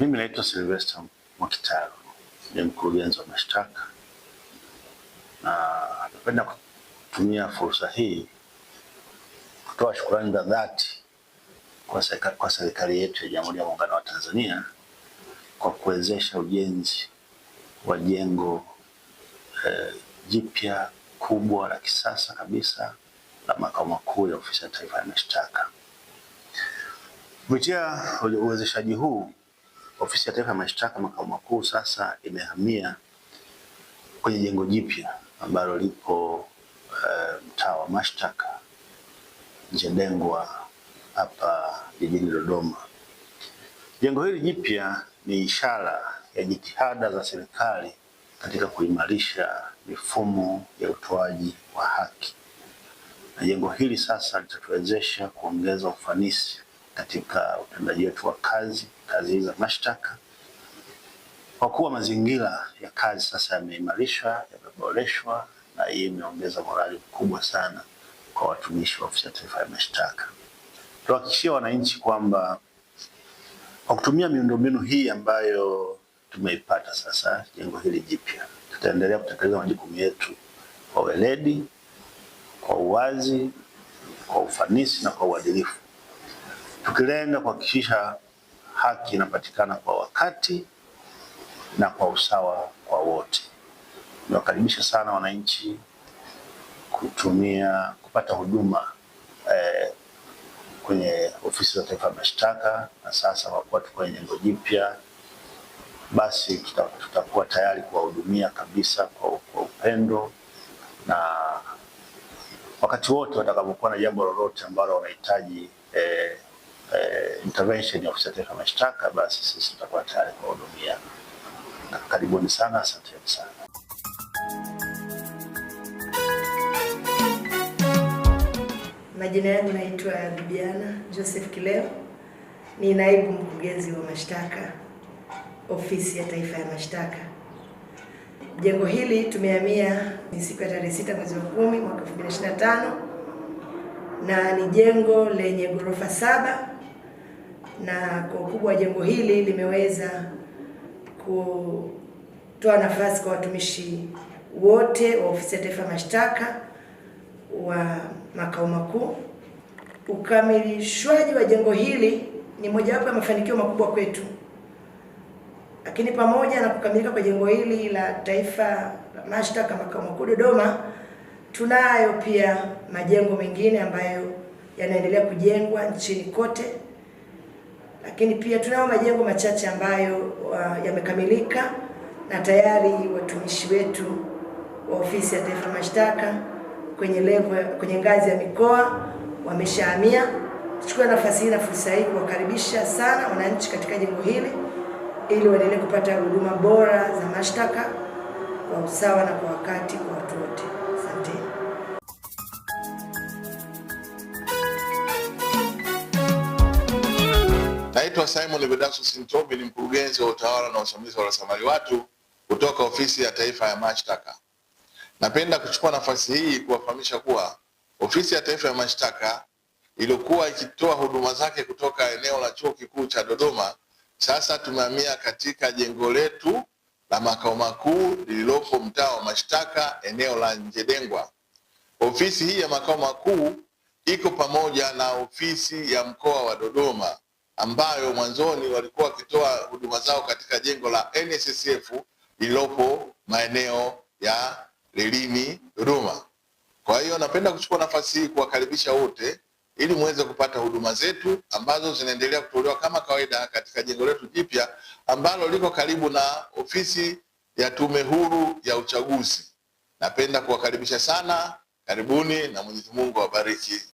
Mimi naitwa Sylvester Mwakitaro, ni mkurugenzi wa mashtaka, na napenda kutumia fursa hii kutoa shukrani za dhati kwa serikali, kwa serikali yetu ya Jamhuri ya Muungano wa Tanzania kwa kuwezesha ujenzi wa jengo eh, jipya kubwa la kisasa kabisa la makao makuu ya Ofisi ya Taifa ya Mashtaka. Kupitia uwezeshaji huu Ofisi ya Taifa ya Mashtaka makao makuu sasa imehamia kwenye jengo jipya ambalo lipo eh, mtaa wa mashtaka Njedengwa hapa jijini Dodoma. Jengo hili jipya ni ishara ya jitihada za serikali katika kuimarisha mifumo ya utoaji wa haki, na jengo hili sasa litatuwezesha kuongeza ufanisi katika utendaji wetu wa kazi, kazi za mashtaka, kwa kuwa mazingira ya kazi sasa yameimarishwa, yameboreshwa, na hii imeongeza morali kubwa sana kwa watumishi wa ofisi ya taifa ya mashtaka. Tuhakikishie wananchi kwamba kwa kutumia miundombinu hii ambayo tumeipata sasa, jengo hili jipya, tutaendelea kutekeleza majukumu yetu kwa weledi, kwa uwazi, kwa ufanisi na kwa uadilifu tukilenga kuhakikisha haki inapatikana kwa wakati na kwa usawa kwa wote. Niwakaribisha sana wananchi kutumia kupata huduma eh, kwenye ofisi za taifa ya mashtaka, na sasa kwa kuwa tuko kwenye jengo jipya, basi tutakuwa tuta tayari kuwahudumia kabisa kwa, kwa upendo na wakati wote watakapokuwa na jambo lolote ambalo wanahitaji eh, intervention ya ofisi ya mashtaka, basi sisi tutakuwa tayari kuwahudumia. Karibuni sana, asanteni sana. Majina yangu naitwa Bibiana Joseph Kileo, ni naibu mkurugenzi wa mashtaka ofisi ya taifa ya mashtaka. Jengo hili tumehamia ni siku ya tarehe sita mwezi wa kumi mwaka 2025 na ni jengo lenye ghorofa saba na kwa ukubwa wa jengo hili limeweza kutoa nafasi kwa watumishi wote wa Ofisi ya Taifa ya Mashtaka wa makao makuu. Ukamilishwaji wa jengo hili ni mojawapo ya mafanikio makubwa kwetu, lakini pamoja na kukamilika kwa jengo hili la Taifa la Mashtaka makao makuu Dodoma, tunayo pia majengo mengine ambayo yanaendelea kujengwa nchini kote lakini pia tunayo majengo machache ambayo uh, yamekamilika na tayari watumishi wetu wa Ofisi ya Taifa Mashtaka kwenye level, kwenye ngazi ya mikoa wameshahamia. Tuchukue nafasi hii na fursa hii kuwakaribisha sana wananchi katika jengo hili ili waendelee kupata huduma bora za mashtaka kwa usawa na kwa wakati kwa watu wote. Asanteni. Naitwa Simon Levedasus Ntombi, ni mkurugenzi wa utawala na usimamizi wa rasilimali watu kutoka ofisi ya taifa ya mashtaka. Napenda kuchukua nafasi hii kuwafahamisha kuwa ofisi ya taifa ya mashtaka iliyokuwa ikitoa huduma zake kutoka eneo la chuo kikuu cha Dodoma, sasa tumehamia katika jengo letu la makao makuu lililopo mtaa wa mashtaka eneo la Njedengwa. Ofisi hii ya makao makuu iko pamoja na ofisi ya mkoa wa Dodoma ambayo mwanzoni walikuwa wakitoa huduma zao katika jengo la NSSF lililopo maeneo ya Lilini huduma Kwa hiyo napenda kuchukua nafasi hii kuwakaribisha wote ili muweze kupata huduma zetu ambazo zinaendelea kutolewa kama kawaida katika jengo letu jipya ambalo liko karibu na ofisi ya Tume Huru ya Uchaguzi. Napenda kuwakaribisha sana, karibuni na Mwenyezi Mungu awabariki.